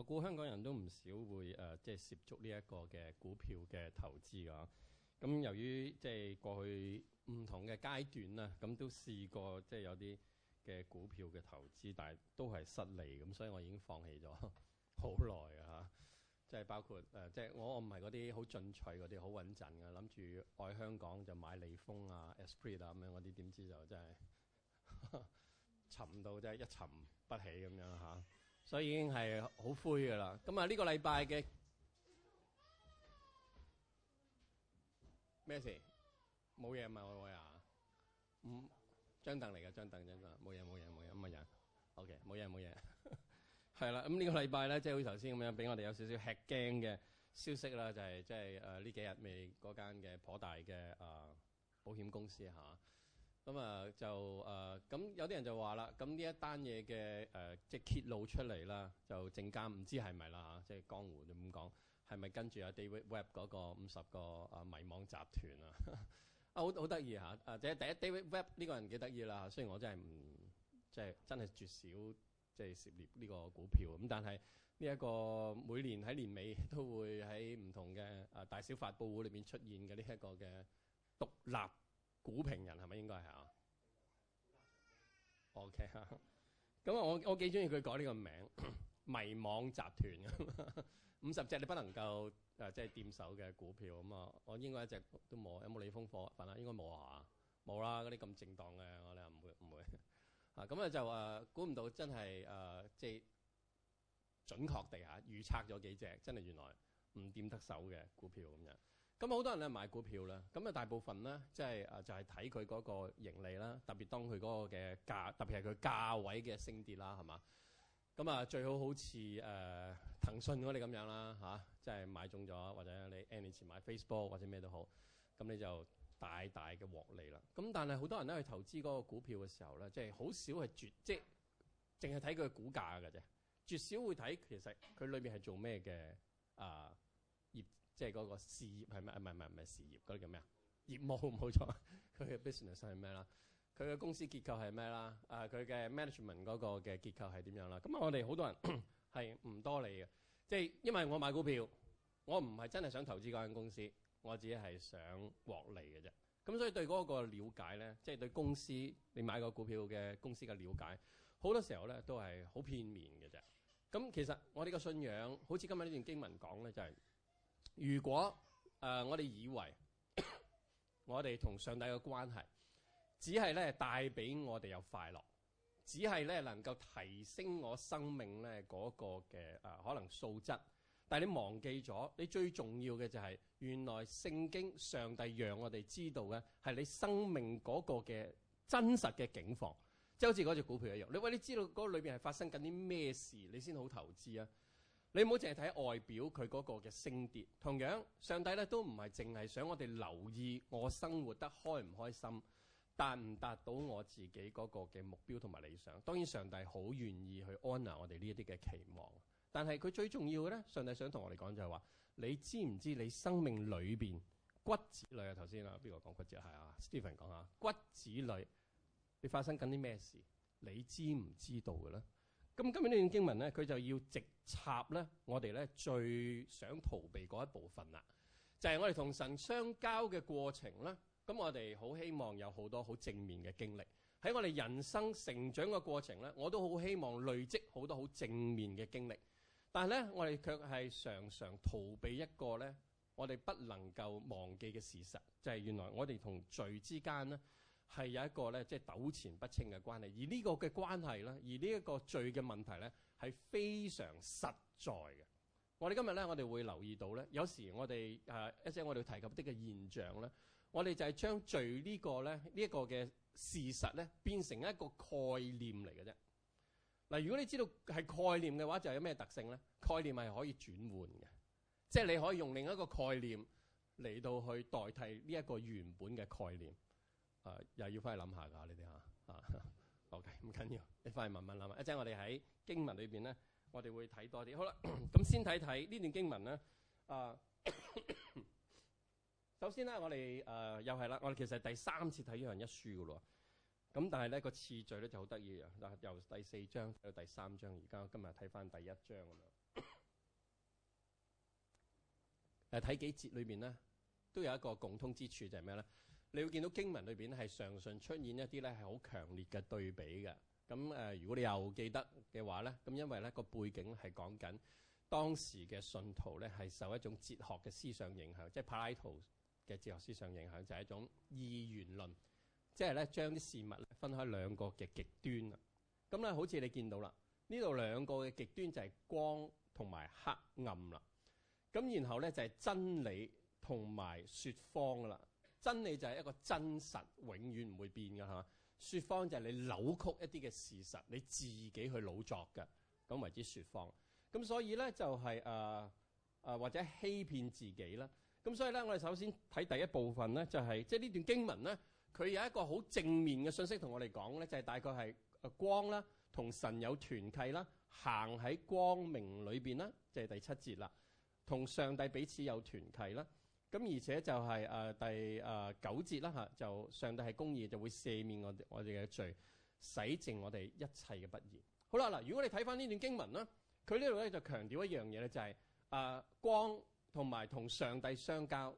我估香港人都唔少會誒，即係涉足呢一個嘅股票嘅投資㗎、啊。咁由於即係過去唔同嘅階段啦、啊，咁都試過即係有啲嘅股票嘅投資，但係都係失利咁，所以我已經放棄咗好耐㗎嚇。即、就、係、是、包括誒，即、啊、係、就是、我我唔係嗰啲好進取嗰啲，好穩陣㗎，諗住愛香港就買利豐啊、Esprit 啊咁樣嗰啲，點知就真係、啊、沉到真係一沉不起咁樣嚇。所以已經係好灰嘅啦。咁啊，呢個禮拜嘅咩事？冇嘢嘛，會會啊？嗯，張凳嚟嘅，張凳張凳，冇嘢冇嘢冇嘢，咁係人。OK，冇嘢冇嘢。係啦，咁 呢個禮拜咧，即、就、係、是、好似頭先咁樣，俾我哋有少少吃驚嘅消息啦，就係即係誒呢幾日未嗰間嘅頗大嘅啊、呃、保險公司嚇。啊咁、嗯、啊就誒咁、呃嗯、有啲人就話啦，咁、嗯、呢一單嘢嘅誒即係揭露出嚟啦，就證監唔知係咪啦即係江湖咁講，係咪跟住阿 David Webb 嗰個五十個啊謎網集團啊？啊好好得意嚇！誒第第一 David Webb 呢個人幾得意啦，雖然我真係唔即係真係絕少即係涉獵呢個股票咁，但係呢一個每年喺年尾都會喺唔同嘅誒大小發布會裏面出現嘅呢一個嘅獨立。股評人係咪應該係啊？OK 啊，咁啊，我我幾中意佢改呢個名 迷惘集團。五十隻你不能夠誒、啊、即係掂手嘅股票咁啊，我應該一隻都冇。有冇李豐貨份啊？應該冇嚇，冇啦。嗰啲咁正當嘅我哋唔會唔會啊。咁咧就誒估唔到真係誒、啊、即係準確地嚇、啊、預測咗幾隻，真係原來唔掂得手嘅股票咁樣。咁啊，好多人咧買股票啦，咁啊大部分咧即係啊就係睇佢嗰個盈利啦，特別當佢嗰個嘅價，特別係佢價位嘅升跌啦，係嘛？咁啊最好好似誒騰訊嗰啲咁樣啦，嚇，即係買中咗或者你 N 年前買 Facebook 或者咩都好，咁你就大大嘅獲利啦。咁但係好多人咧去投資嗰個股票嘅時候咧，即係好少係絕即係淨係睇佢股價㗎啫，絕少會睇其實佢裏面係做咩嘅啊？即係嗰個事業係咩？唔係唔係唔係事業，嗰啲叫咩啊？業務冇錯，佢嘅 business 係咩啦？佢嘅公司結構係咩啦？誒，佢嘅 management 嗰個嘅結構係點樣啦？咁啊，我哋好多人係唔多理嘅。即係因為我買股票，我唔係真係想投資嗰間公司，我自己係想獲利嘅啫。咁所以對嗰個瞭解咧，即係對公司你買個股票嘅公司嘅了解，好多時候咧都係好片面嘅啫。咁其實我哋嘅信仰，好似今日呢段經文講咧，就係。如果誒、呃、我哋以為我哋同上帝嘅關係只係咧帶俾我哋有快樂，只係咧能夠提升我生命咧嗰個嘅誒、呃、可能素質，但係你忘記咗，你最重要嘅就係、是、原來聖經上帝讓我哋知道嘅係你生命嗰個嘅真實嘅境況，即係好似嗰隻股票一樣。你喂，你知道嗰裏邊係發生緊啲咩事，你先好投資啊！你唔好淨係睇外表佢嗰個嘅升跌，同樣上帝咧都唔係淨係想我哋留意我生活得開唔開心，達唔達到我自己嗰個嘅目標同埋理想。當然上帝好願意去 honour 我哋呢一啲嘅期望，但係佢最重要嘅咧，上帝想同我哋講就係話：你知唔知你生命裏邊骨子裏？啊頭先啊邊個講骨子啊？係啊 Steven 講下骨子裏，你發生緊啲咩事？你知唔知道嘅咧？咁今日呢段經文咧，佢就要直插咧我哋咧最想逃避嗰一部分啦，就係我哋同神相交嘅過程啦。咁我哋好希望有好多好正面嘅經歷，喺我哋人生成長嘅過程咧，我都好希望累積好多好正面嘅經歷。但係咧，我哋卻係常常逃避一個咧，我哋不能夠忘記嘅事實，就係原來我哋同罪之間咧。係有一個咧，即係糾纏不清嘅關係，而呢個嘅關係咧，而呢一個罪嘅問題咧，係非常實在嘅。我哋今日咧，我哋會留意到咧，有時我哋誒一啲我哋提及的嘅現象咧，我哋就係將罪呢個咧，呢一個嘅事實咧，變成一個概念嚟嘅啫。嗱，如果你知道係概念嘅話，就有咩特性咧？概念係可以轉換嘅，即係你可以用另一個概念嚟到去代替呢一個原本嘅概念。誒、啊、又要翻去諗下㗎，你哋嚇啊，啊，OK，唔緊要，你翻去慢慢諗啊。一陣我哋喺經文裏邊咧，我哋會睇多啲。好啦，咁先睇睇呢段經文咧。誒、啊，首先咧，我哋誒又係啦，我哋、啊、其實第三次睇約翰一書嘅咯。咁但係咧，個次序咧就好得意啊。由第四章到第三章，而家我今日睇翻第一章咁樣。誒、啊，睇幾節裏邊咧，都有一個共通之處就係咩咧？你會見到經文裏邊咧係常常出現一啲咧係好強烈嘅對比嘅，咁誒，如果你又記得嘅話咧，咁因為咧個背景係講緊當時嘅信徒咧係受一種哲學嘅思想影響，即係柏拉圖嘅哲學思想影響，就係一種二元論，即係咧將啲事物咧分開兩個嘅極端啊。咁咧好似你見到啦，呢度兩個嘅極端就係光同埋黑暗啦。咁然後咧就係真理同埋説謊噶啦。真理就係一個真實，永遠唔會變嘅，係嘛？説謊就係你扭曲一啲嘅事實，你自己去老作嘅，咁為之説謊。咁所以咧就係、是、誒、呃、或者欺騙自己啦。咁所以咧我哋首先睇第一部分咧就係即係呢段經文咧，佢有一個好正面嘅信息同我哋講咧，就係、是、大概係光啦，同神有團契啦，行喺光明裏面啦，就係、是、第七節啦，同上帝彼此有團契啦。咁而且就係第九節啦吓，就上帝係公義，就會赦免我哋我哋嘅罪，洗淨我哋一切嘅不義。好啦，嗱，如果你睇翻呢段經文啦，佢呢度咧就強調一樣嘢咧，就係誒光同埋同上帝相交，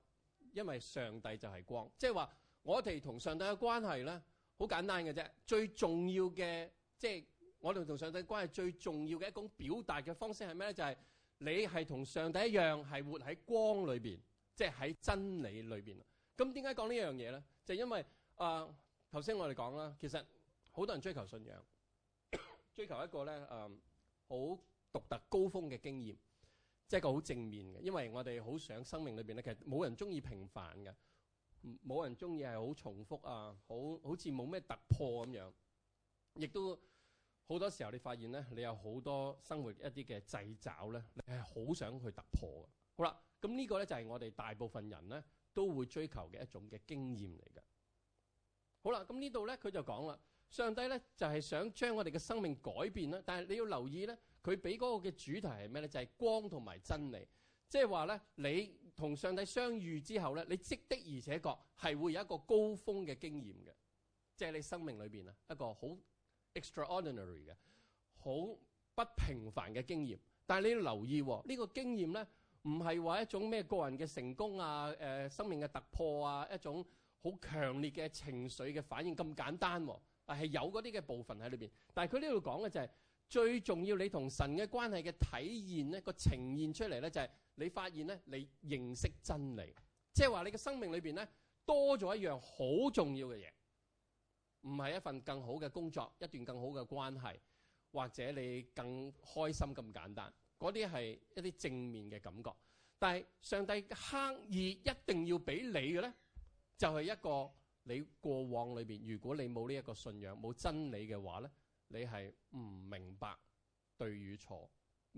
因為上帝就係光，即係話我哋同上帝嘅關係咧，好簡單嘅啫。最重要嘅即係我哋同上帝關係最重要嘅一種表達嘅方式係咩咧？就係你係同上帝一樣，係活喺光裏面。即係喺真理裏邊。咁點解講呢一樣嘢咧？就係因為誒頭先我哋講啦，其實好多人追求信仰，追求一個咧誒好獨特高峰嘅經驗，即係個好正面嘅。因為我哋好想生命裏邊咧，其實冇人中意平凡嘅，冇人中意係好重複啊，好好似冇咩突破咁樣。亦都好多時候你發現咧，你有好多生活一啲嘅掣肘咧，你係好想去突破嘅。好啦，咁呢個咧就係我哋大部分人咧都會追求嘅一種嘅經驗嚟嘅。好啦，咁呢度咧佢就講啦，上帝咧就係想將我哋嘅生命改變啦。但係你要留意咧，佢俾嗰個嘅主題係咩咧？就係光同埋真理，即係話咧你同上帝相遇之後咧，你的而且確係會有一個高峰嘅經驗嘅，即係你生命裏邊啊一個好 extraordinary 嘅好不平凡嘅經驗。但係你要留意呢個經驗咧。唔係話一種咩個人嘅成功啊，誒、呃、生命嘅突破啊，一種好強烈嘅情緒嘅反應咁簡單，啊，係有嗰啲嘅部分喺裏邊。但係佢呢度講嘅就係、是、最重要你，你同神嘅關係嘅體現咧，個呈現出嚟咧就係你發現咧，你認識真理，即係話你嘅生命裏邊咧多咗一樣好重要嘅嘢，唔係一份更好嘅工作，一段更好嘅關係，或者你更開心咁簡單。嗰啲係一啲正面嘅感覺，但係上帝刻意一定要俾你嘅咧，就係一個你過往裏邊，如果你冇呢一個信仰、冇真理嘅話咧，你係唔明白對與錯，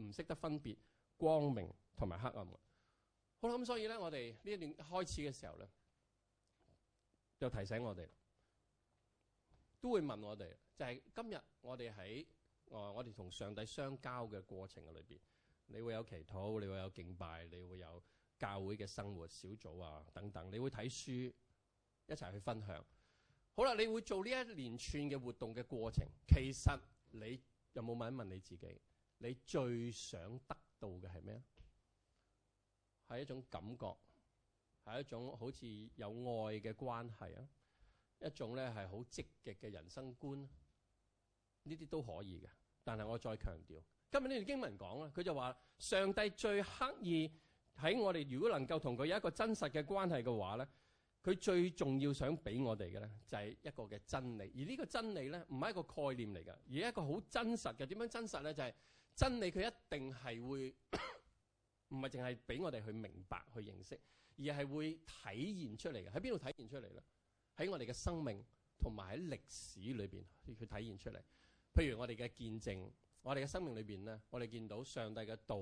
唔識得分別光明同埋黑暗嘅。好啦，咁所以咧，我哋呢一段開始嘅時候咧，就提醒我哋，都會問我哋，就係今日我哋喺我我哋同上帝相交嘅過程嘅裏邊。你會有祈禱，你會有敬拜，你會有教會嘅生活小組啊，等等。你會睇書，一齊去分享。好啦，你會做呢一連串嘅活動嘅過程。其實你有冇問一問你自己？你最想得到嘅係咩啊？係一種感覺，係一種好似有愛嘅關係啊，一種呢係好積極嘅人生觀。呢啲都可以嘅，但係我再強調。今日呢段經文講啦，佢就話上帝最刻意喺我哋，如果能夠同佢有一個真實嘅關係嘅話咧，佢最重要想俾我哋嘅咧，就係一個嘅真理。而呢個真理咧，唔係一個概念嚟㗎，而係一個好真實嘅。點樣真實咧？就係真理佢一定係會唔係淨係俾我哋去明白去認識，而係會體現出嚟嘅。喺邊度體現出嚟咧？喺我哋嘅生命同埋喺歷史裏邊去體現出嚟。譬如我哋嘅見證。我哋嘅生命裏邊咧，我哋見到上帝嘅道。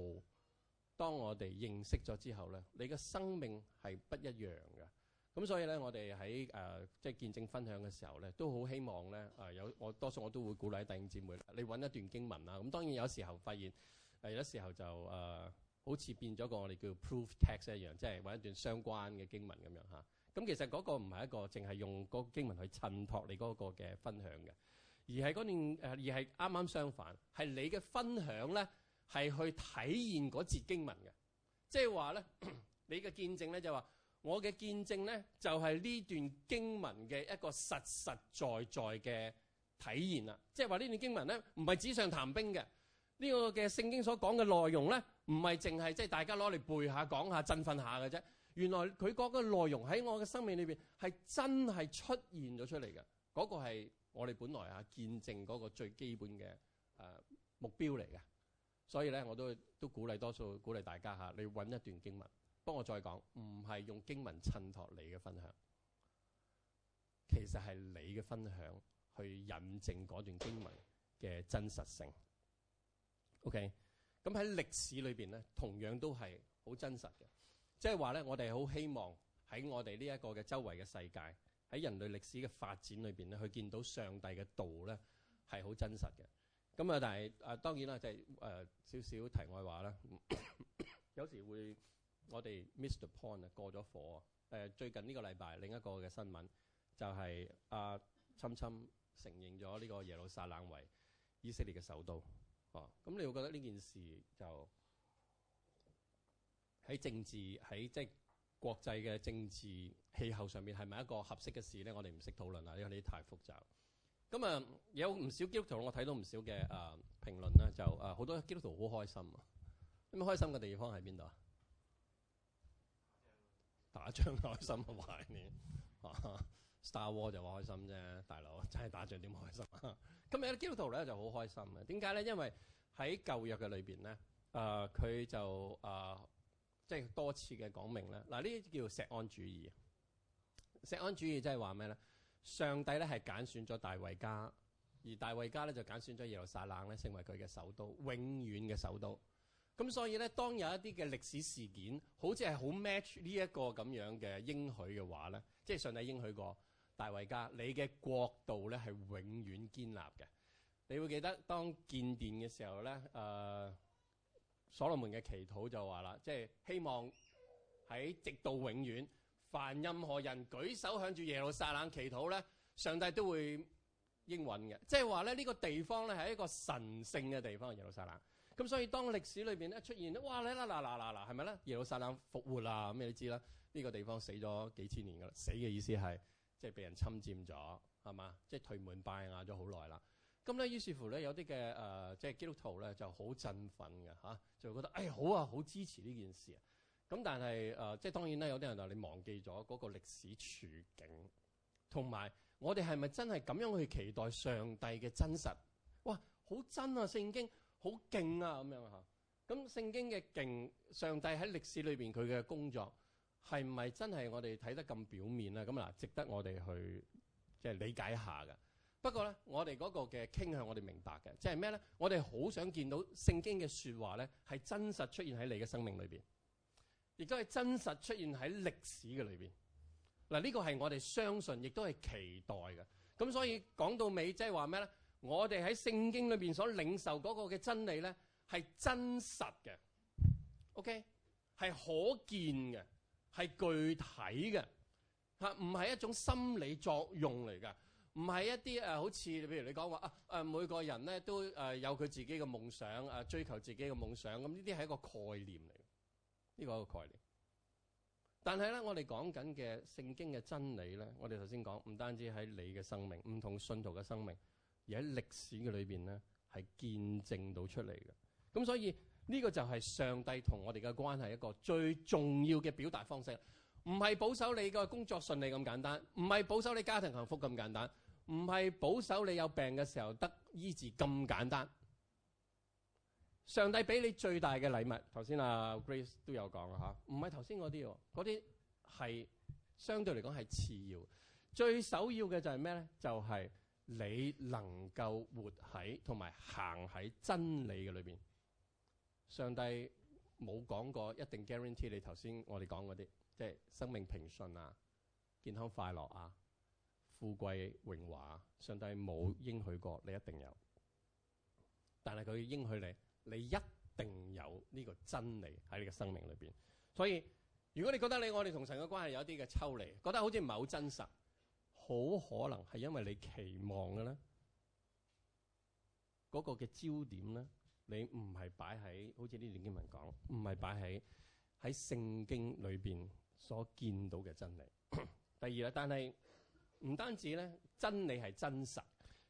當我哋認識咗之後咧，你嘅生命係不一樣嘅。咁所以咧，我哋喺誒即係見證分享嘅時候咧，都好希望咧誒、啊、有我多數我都會鼓勵弟兄姊妹，你揾一段經文啦。咁、啊、當然有時候發現，有啲時候就誒、啊、好似變咗個我哋叫 proof text 一樣，即係揾一段相關嘅經文咁樣嚇。咁、啊、其實嗰個唔係一個淨係用嗰個經文去襯托你嗰個嘅分享嘅。而係嗰段誒，而係啱啱相反，係你嘅分享咧，係去體現嗰節經文嘅。即係話咧，你嘅見證咧就話、是，我嘅見證咧就係、是、呢段經文嘅一個實實在在嘅體現啦。即係話呢段經文咧，唔係紙上談兵嘅。呢、這個嘅聖經所講嘅內容咧，唔係淨係即係大家攞嚟背下講下振奮下嘅啫。原來佢講嘅內容喺我嘅生命裏邊係真係出現咗出嚟嘅。嗰、那個係。我哋本來啊，見證嗰個最基本嘅誒、啊、目標嚟嘅，所以咧，我都都鼓勵多數，鼓勵大家吓，你揾一段經文，幫我再講，唔係用經文襯托你嘅分享，其實係你嘅分享去引證嗰段經文嘅真實性。OK，咁喺歷史裏邊咧，同樣都係好真實嘅，即係話咧，我哋好希望喺我哋呢一個嘅周圍嘅世界。喺人類歷史嘅發展裏邊咧，去見到上帝嘅道咧係好真實嘅。咁啊，但係啊，當然啦，就係、是、誒、呃、少少題外話啦。有時會我哋 miss the point 啊，過咗火啊。誒，最近呢個禮拜另一個嘅新聞就係阿侵侵承認咗呢個耶路撒冷為以色列嘅首都。哦、啊，咁你會覺得呢件事就喺政治喺即國際嘅政治氣候上面係咪一個合適嘅事咧？我哋唔識討論啊，因為呢啲太複雜。咁啊，有唔少基督徒，我睇到唔少嘅啊評論啦，就啊好多基督徒好開心啊！咁開心嘅地方喺邊度啊？打仗開心啊嘛？懷念、 啊、Star War 就話開心啫，大佬真係打仗點開心啊？咁有啲基督徒咧就好開心嘅、啊，點解咧？因為喺舊約嘅裏邊咧，啊佢就啊。即係多次嘅講明咧，嗱呢啲叫錫安主義。錫安主義即係話咩咧？上帝咧係揀選咗大衛家，而大衛家咧就揀選咗耶路撒冷咧成為佢嘅首都，永遠嘅首都。咁所以咧，當有一啲嘅歷史事件好似係好 match 呢一個咁樣嘅應許嘅話咧，即係上帝應許過大衛家，你嘅國度咧係永遠堅立嘅。你會記得當建殿嘅時候咧，誒、呃。所羅門嘅祈禱就話啦，即係希望喺直到永遠，凡任何人舉手向住耶路撒冷祈禱咧，上帝都會應允嘅。即係話咧，呢個地方咧係一個神聖嘅地方，耶路撒冷。咁所以當歷史裏邊咧出現，哇你啦啦啦啦啦，係咪咧？耶路撒冷復活啦，咁你都知啦。呢個地方死咗幾千年㗎啦，死嘅意思係即係被人侵佔咗，係嘛？即係退門拜亞咗好耐啦。咁咧，於是乎咧，有啲嘅誒，即係基督徒咧，就好振奮嘅嚇，就覺得誒好啊，好支持呢件事啊。咁但係誒，即係當然啦，有啲人就你忘記咗嗰個歷史處境，同埋我哋係咪真係咁樣去期待上帝嘅真實？哇，好真啊，聖經好勁啊，咁樣嚇。咁聖經嘅勁，上帝喺歷史裏邊佢嘅工作係唔係真係我哋睇得咁表面啊？咁嗱，值得我哋去即係理解一下嘅。不過咧，就是，我哋嗰個嘅傾向，我哋明白嘅，即係咩咧？我哋好想見到聖經嘅説話咧，係真實出現喺你嘅生命裏邊，亦都係真實出現喺歷史嘅裏邊。嗱，呢個係我哋相信，亦都係期待嘅。咁所以講到尾，即係話咩咧？我哋喺聖經裏面所領受嗰個嘅真理咧，係真實嘅。OK，係可見嘅，係具體嘅，嚇，唔係一種心理作用嚟噶。唔係一啲誒，好似譬如你講話啊，誒，每個人咧都誒有佢自己嘅夢想，誒追求自己嘅夢想咁，呢啲係一個概念嚟，呢個係一個概念。但係咧，我哋講緊嘅聖經嘅真理咧，我哋頭先講唔單止喺你嘅生命，唔同信徒嘅生命，而喺歷史嘅裏邊咧係見證到出嚟嘅。咁所以呢個就係上帝同我哋嘅關係一個最重要嘅表達方式，唔係保守你個工作順利咁簡單，唔係保守你家庭幸福咁簡單。唔係保守，你有病嘅時候得醫治咁簡單。上帝俾你最大嘅禮物，頭先阿 Grace 都有講啊嚇，唔係頭先嗰啲喎，嗰啲係相對嚟講係次要。最首要嘅就係咩咧？就係你能夠活喺同埋行喺真理嘅裏邊。上帝冇講過一定 guarantee 你頭先我哋講嗰啲，即係生命平順啊、健康快樂啊。富貴榮華，上帝冇應許過你一定有，但係佢應許你，你一定有呢個真理喺你個生命裏邊。所以，如果你覺得你我哋同神嘅關係有啲嘅抽離，覺得好似唔係好真實，好可能係因為你期望嘅咧，嗰個嘅焦點咧，你唔係擺喺好似呢段經文講，唔係擺喺喺聖經裏邊所見到嘅真理。第二咧，但係。唔單止咧，真理係真實。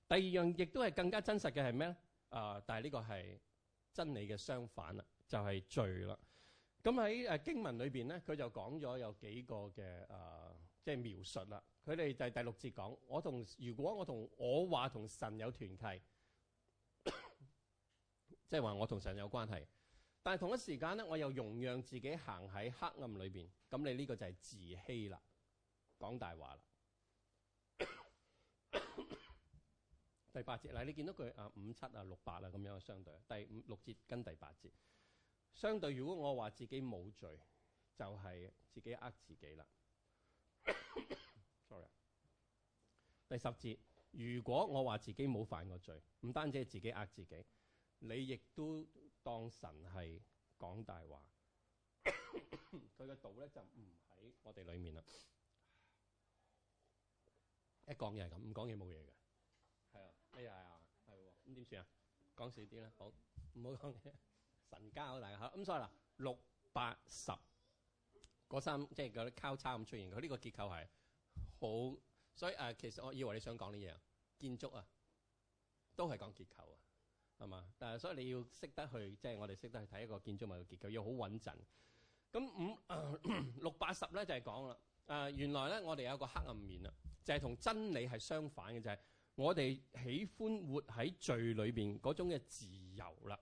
第二樣亦都係更加真實嘅係咩咧？啊、呃！但係呢個係真理嘅相反啦，就係、是、罪啦。咁喺誒經文裏邊咧，佢就講咗有幾個嘅誒，即、呃、係、就是、描述啦。佢哋就係第六節講，我同如果我同我話同神有團契，即係話我同神有關係，但係同一時間咧，我又容讓自己行喺黑暗裏邊。咁你呢個就係自欺啦，講大話啦。第八節，嗱，你見到佢啊，五七啊，六八啊，咁樣相對，第五六節跟第八節相對。如果我話自己冇罪，就係自己呃自己啦。Sorry。 第十節，如果我話自己冇犯過罪，唔單止係自己呃自己，你亦都當神係講大話。佢嘅 道咧就唔喺我哋裡面啦。一講嘢係咁，唔講嘢冇嘢嘅。哎呀，係喎，咁點算啊？講少啲啦，好，唔好講嘢。神交大家咁、嗯、所以嗱，六八十嗰三，即係嗰啲交叉咁出現。佢、這、呢個結構係好，所以誒、呃，其實我以為你想講呢嘢建築啊，都係講結構啊，係嘛？但、呃、係所以你要識得去，即、就、係、是、我哋識得去睇一個建築物嘅結構，要好穩陣。咁五、呃、六、八十咧就係、是、講啦。誒、呃，原來咧我哋有個黑暗面啦，就係、是、同真理係相反嘅，就係、是。我哋喜歡活喺罪裏邊嗰種嘅自由啦。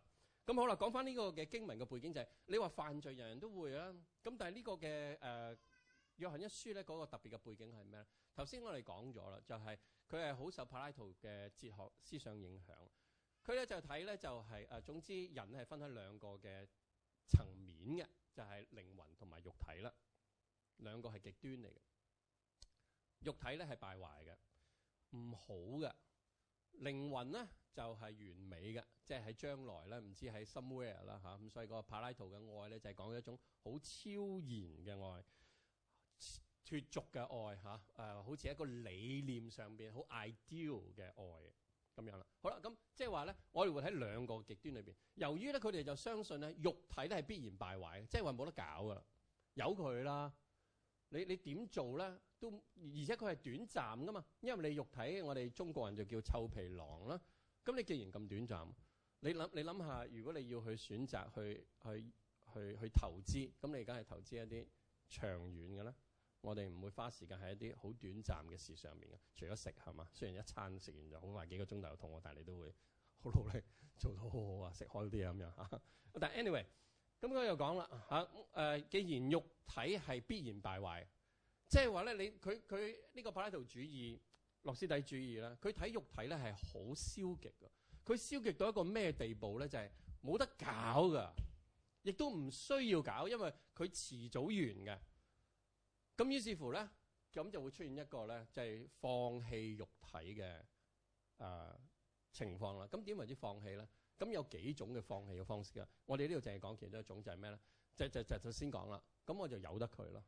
咁好啦，講翻呢個嘅經文嘅背景就係，你話犯罪人人都會啦。咁但係呢個嘅誒約翰一書咧嗰個特別嘅背景係咩咧？頭先我哋講咗啦，就係佢係好受柏拉圖嘅哲學思想影響。佢咧就睇咧就係誒，總之人咧係分開兩個嘅層面嘅，就係靈魂同埋肉體啦。兩個係極端嚟嘅，肉體咧係敗壞嘅。唔好嘅靈魂咧就係完美嘅，即係喺將來咧唔知喺 somewhere 啦嚇，咁所以個柏拉圖嘅愛咧就係講一種好超然嘅愛，脫俗嘅愛嚇，誒好似一個理念上面，好 ideal 嘅愛咁樣啦。好啦，咁即係話咧，我哋會喺兩個極端裏面。由於咧佢哋就相信咧，肉體都係必然敗壞嘅，即係話冇得搞噶，由佢啦。你你點做咧？都而且佢係短暫噶嘛，因為你肉體，我哋中國人就叫臭皮囊啦。咁你既然咁短暫，你諗你諗下，如果你要去選擇去去去去投資，咁你梗係投資一啲長遠嘅啦。我哋唔會花時間喺一啲好短暫嘅事上面嘅。除咗食係嘛，雖然一餐食完就好快幾個鐘頭就痛，但你都會好努力做到好好啊，食開啲咁樣吓。但係 anyway。咁佢又講啦吓，呃，既然肉體係必然敗壞，即係話咧，你佢佢呢個柏拉圖主義、諾斯底主義咧，佢睇肉體咧係好消極，佢消極到一個咩地步咧？就係、是、冇得搞嘅，亦都唔需要搞，因為佢遲早完嘅。咁於是乎咧，咁就會出現一個咧，就係放棄肉體嘅、呃、情況啦。咁點為之放棄咧？咁有幾種嘅放棄嘅方式嘅，我哋呢度淨係講其中一種就係咩咧？就就就就先講啦。咁我就由得佢咯，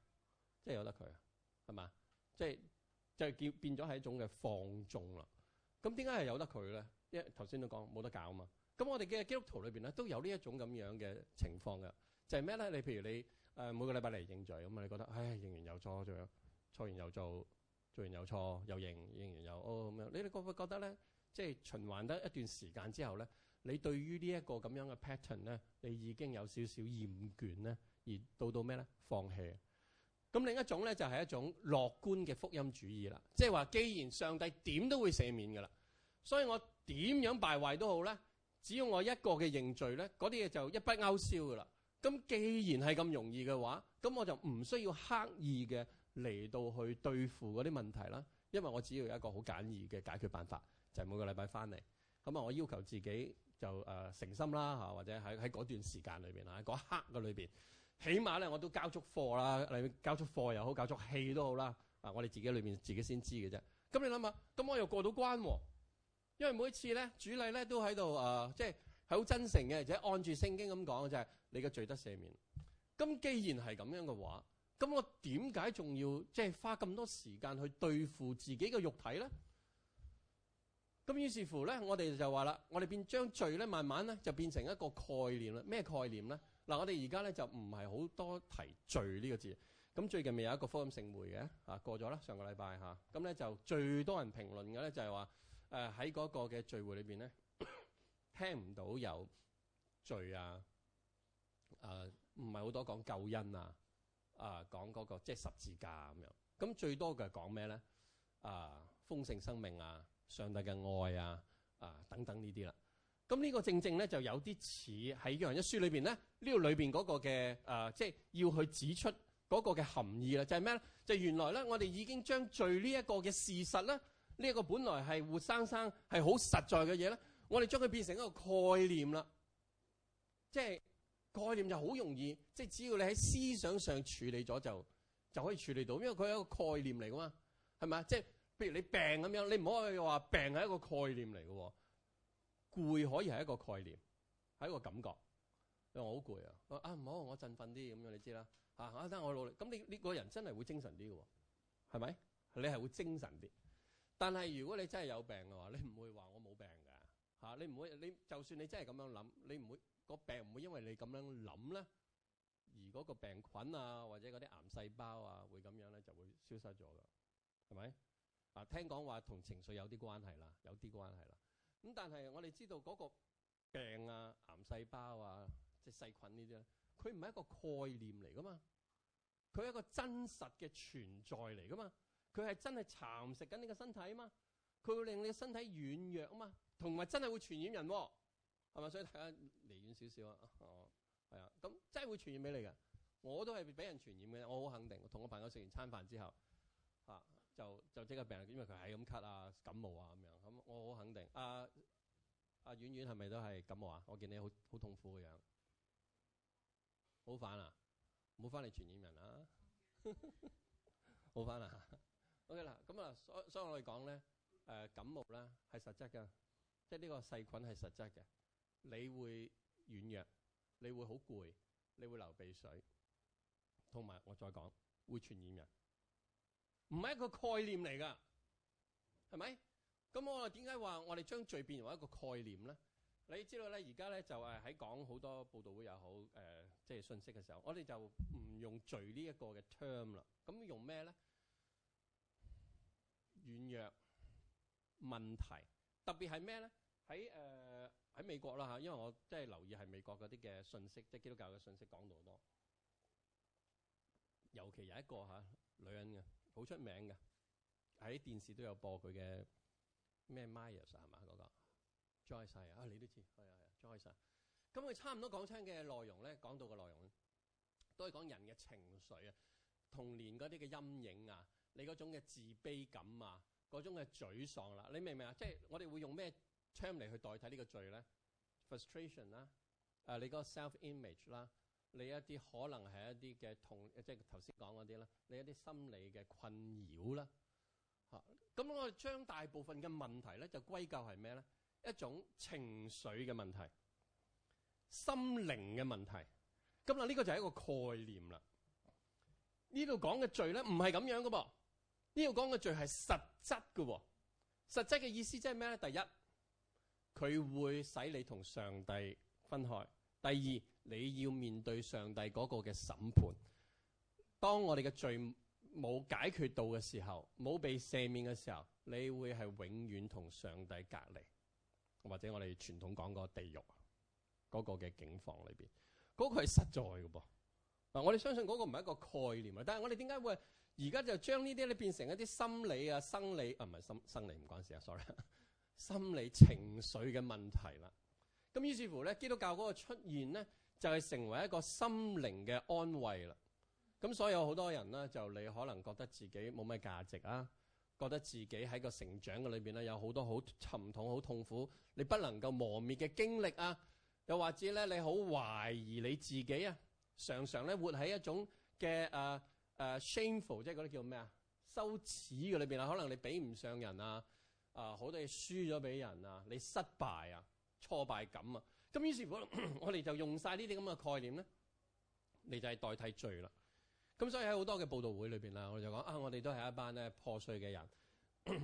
即係由得佢，係嘛？即係就變咗係一種嘅放縱啦。咁點解係由得佢咧？因為頭先都講冇得搞啊嘛。咁我哋嘅基督徒裏面咧都有呢一種咁樣嘅情況嘅，就係咩咧？你譬如你、呃、每個禮拜嚟認罪咁啊，你覺得唉，認完又錯，仲有錯完又做，做完又錯，又認認完又哦咁樣。你哋個個覺得咧，即係循環得一段時間之後咧。你對於呢一個咁樣嘅 pattern 咧，你已經有少少厭倦咧，而到到咩咧放棄？咁另一種咧就係一種樂觀嘅福音主義啦，即係話既然上帝點都會赦免嘅啦，所以我點樣敗壞都好咧，只要我一個嘅認罪咧，嗰啲嘢就一筆勾銷嘅啦。咁既然係咁容易嘅話，咁我就唔需要刻意嘅嚟到去對付嗰啲問題啦，因為我只要有一個好簡易嘅解決辦法，就係每個禮拜翻嚟，咁啊我要求自己。就誒誠心啦，或者喺喺嗰段時間裏面，啊，嗰刻嘅裏面，起碼咧我都交足貨啦，你交足貨又好，交足氣都好啦。啊，我哋自己裏面，自己先知嘅啫。咁你諗下，咁我又過到關喎，因為每一次咧主禮咧都喺度即係係好真誠嘅，而且按住聖經咁講嘅就係你嘅罪得赦免。咁既然係咁樣嘅話，咁我點解仲要即係花咁多時間去對付自己嘅肉體咧？咁於是乎咧，我哋就話啦，我哋變將罪咧，慢慢咧就變成一個概念啦。咩概念咧？嗱，我哋而家咧就唔係好多提罪呢個字。咁最近未有一個福音聖會嘅啊，過咗啦。上個禮拜下。咁咧，就最多人評論嘅咧就係話喺嗰個嘅聚會裏面咧，聽唔到有罪啊，唔係好多講救恩啊，啊講嗰、嗰個即、就係、十字架咁、啊、樣。咁最多嘅講咩咧？啊豐盛生命啊！上帝嘅愛啊，啊等等呢啲啦，咁呢個正正咧就有啲似喺《約翰一書》裏邊咧，呢度裏邊嗰個嘅誒，即係要去指出嗰個嘅含義啦，就係咩咧？就原來咧，我哋已經將罪呢一個嘅事實咧，呢一個本來係活生生係好實在嘅嘢咧，我哋將佢變成一個概念啦，即係概念就好容易，即係只要你喺思想上處理咗就就可以處理到，因為佢係一個概念嚟噶嘛，係咪啊？即係。譬如你病咁樣，你唔可以話病係一個概念嚟嘅喎，攰可以係一個概念，係一個感覺。你話我好攰啊，啊唔好，我振奮啲咁樣，你知啦嚇。啊，等我努力，咁你呢個人真係會精神啲嘅喎，係咪？你係會精神啲。但係如果你真係有病嘅話，你唔會話我冇病㗎嚇。你唔會，你就算你真係咁樣諗，你唔會個病唔會因為你咁樣諗咧，而嗰個病菌啊或者嗰啲癌細胞啊會咁樣咧就會消失咗㗎，係咪？啊，聽講話同情緒有啲關係啦，有啲關係啦。咁但係我哋知道嗰個病啊、癌細胞啊、即係細菌呢啲，佢唔係一個概念嚟噶嘛，佢係一個真實嘅存在嚟噶嘛，佢係真係蠶食緊你個身體啊嘛，佢會令你嘅身體軟弱啊嘛，同埋真係會傳染人喎，哦，係咪？所以大家離遠少少啊。哦，係啊，咁真係會傳染俾你㗎。我都係俾人傳染嘅，我好肯定。我同我朋友食完餐飯之後，就就即刻病，因為佢係咁咳啊、感冒啊咁樣。咁我好肯定，阿阿婉婉係咪都係感冒啊？我見你好好痛苦嘅樣子，好煩啊！唔好翻嚟傳染人啊！ 好煩啊！OK 啦，咁啊，所以所以我哋講咧，誒、啊、感冒咧係實質嘅，即係呢個細菌係實質嘅。你會軟弱，你會好攰，你會流鼻水，同埋我再講會傳染人。唔係一個概念嚟噶，係咪？咁我點解話我哋將罪變為一個概念咧？你知道咧，而家咧就係喺講好多報道會又好，誒、呃，即係信息嘅時候，我哋就唔用罪呢一個嘅 term 啦。咁用咩咧？軟弱問題，特別係咩咧？喺誒喺美國啦吓，因為我即係留意係美國嗰啲嘅信息，即係基督教嘅信息講到好多，尤其有一個吓、呃、女人嘅。好出名嘅，喺電視都有播佢嘅咩 Meyer 係嘛嗰個 Joyce 啊，你都知係啊係 Joyce。啊。咁佢差唔多講親嘅內容咧，講到嘅內容咧，都係講人嘅情緒啊，童年嗰啲嘅陰影啊，你嗰種嘅自卑感啊，嗰種嘅沮喪啦，你明唔明啊？即係我哋會用咩 term 嚟去代替呢個罪咧？Frustration 啦，誒你個 self-image 啦、啊。你一啲可能係一啲嘅痛，即係頭先講嗰啲啦。你一啲心理嘅困擾啦，嚇、嗯、咁我將大部分嘅問題咧就歸咎係咩咧？一種情緒嘅問題，心靈嘅問題。咁、嗯、啦，呢、呢個就係一個概念啦。呢度講嘅罪咧唔係咁樣噶噃，呢度講嘅罪係實質嘅喎。實質嘅意思即係咩咧？第一，佢會使你同上帝分開；第二，你要面對上帝嗰個嘅審判，當我哋嘅罪冇解決到嘅時候，冇被赦免嘅時候，你會係永遠同上帝隔離，或者我哋傳統講個地獄嗰個嘅景況裏邊，嗰個係實在嘅噃。嗱，我哋相信嗰個唔係一個概念啊，但係我哋點解會而家就將呢啲咧變成一啲心理啊、生理啊，唔係心生理唔關事啊，sorry，心理情緒嘅問題啦。咁於是乎咧，基督教嗰個出現咧。就係、是、成為一個心靈嘅安慰啦。咁所以有好多人呢，就你可能覺得自己冇咩價值啊，覺得自己喺個成長嘅裏邊呢，有好多好沉痛、好痛苦，你不能夠磨滅嘅經歷啊。又或者呢，你好懷疑你自己啊，常常呢活喺一種嘅誒誒 shameful，即係嗰啲叫咩啊？羞恥嘅裏邊啊，可能你比唔上人啊，啊好多嘢輸咗俾人啊，你失敗啊，挫敗感啊。咁於是乎，我哋就用晒呢啲咁嘅概念咧你就係代替罪啦。咁所以喺好多嘅報道會裏邊啦，我哋就講啊，我哋都係一班咧破碎嘅人，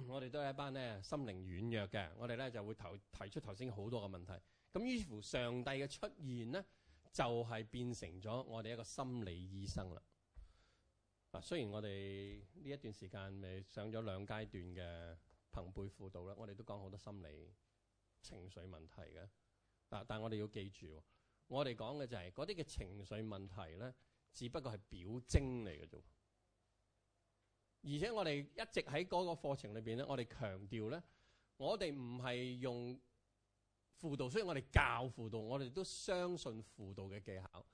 我哋都係一班咧心靈軟弱嘅。我哋咧就會頭提出頭先好多嘅問題。咁於是乎，上帝嘅出現咧就係變成咗我哋一個心理醫生啦。嗱，雖然我哋呢一段時間咪上咗兩階段嘅朋輩輔導啦，我哋都講好多心理情緒問題嘅。但我哋要記住，我哋講嘅就係嗰啲嘅情緒問題咧，只不過係表徵嚟嘅啫。而且我哋一直喺嗰個課程裏邊咧，我哋強調咧，我哋唔係用輔導，雖然我哋教輔導，我哋都相信輔導嘅技巧，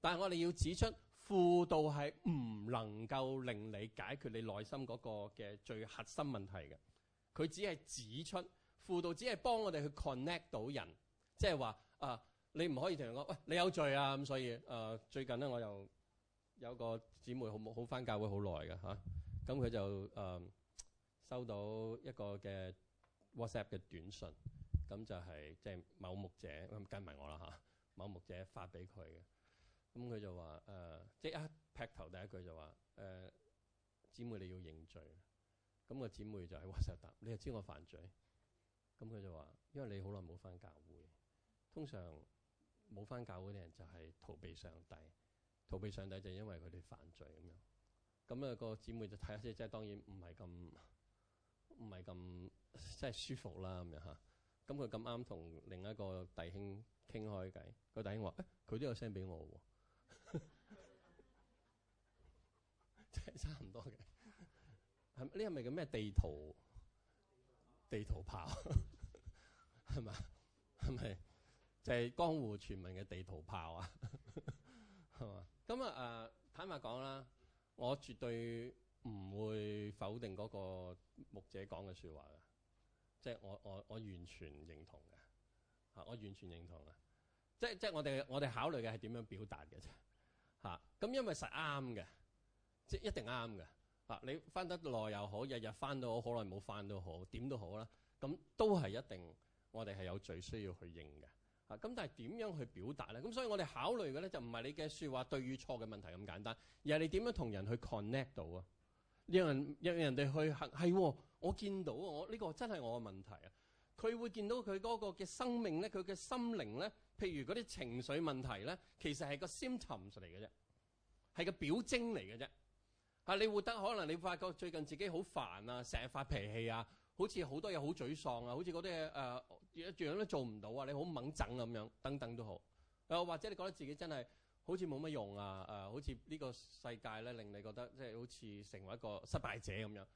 但我哋要指出輔導係唔能夠令你解決你內心嗰個嘅最核心問題嘅，佢只係指出輔導只係幫我哋去 connect 到人。即係話啊，你唔可以同人講，喂，你有罪啊！咁所以誒、啊，最近咧，我又有個姊妹好冇好翻教會好耐嘅吓，咁、啊、佢就誒、啊、收到一個嘅 WhatsApp 嘅短信，咁就係即係某牧者咁跟埋我啦吓、啊，某牧者發俾佢嘅，咁佢就話誒、啊，即刻劈頭第一句就話誒、啊，姊妹你要認罪，咁、那個姊妹就喺 WhatsApp 答，你又知我犯罪？咁佢就話，因為你好耐冇翻教會。通常冇翻教會啲人就係逃避上帝，逃避上帝就係因為佢哋犯罪咁樣。咁、那、咧個姊妹就睇下先，即係當然唔係咁，唔係咁即係舒服啦咁樣吓，咁佢咁啱同另一個弟兄傾開偈，個弟兄話：誒、欸、佢都有 send 俾我喎，即 係 差唔多嘅。係咪？你係咪叫咩地圖地圖炮？係 咪？ 係咪？就係、是、江湖傳聞嘅地圖炮啊，係嘛咁啊？誒、嗯，坦白講啦，我絕對唔會否定嗰個牧者講嘅説話嘅，即、就、係、是、我我我完全認同嘅嚇，我完全認同嘅。即即我哋、就是就是、我哋考慮嘅係點樣表達嘅啫嚇。咁、嗯、因為實啱嘅，即係一定啱嘅啊。你翻得耐又好，日日翻到好，好耐冇翻都好，點、嗯、都好啦。咁都係一定我哋係有罪，需要去認嘅。咁但係點樣去表達咧？咁所以我哋考慮嘅咧就唔係你嘅說話對與錯嘅問題咁簡單，而係你點樣同人去 connect 到啊？讓人有人哋去係、哦、我見到我呢、呢個真係我嘅問題啊！佢會見到佢嗰個嘅生命咧，佢嘅心靈咧，譬如嗰啲情緒問題咧，其實係個 symptoms 嚟嘅啫，係個表徵嚟嘅啫。你會得可能你發覺最近自己好煩啊，成日發脾氣啊。好似好多嘢好沮喪啊，好似嗰啲嘢誒，樣樣都做唔到啊，你好掹整咁樣，等等都好。誒，或者你覺得自己真係好似冇乜用啊，好似呢個世界咧令你覺得即係好似成為一個失敗者咁樣。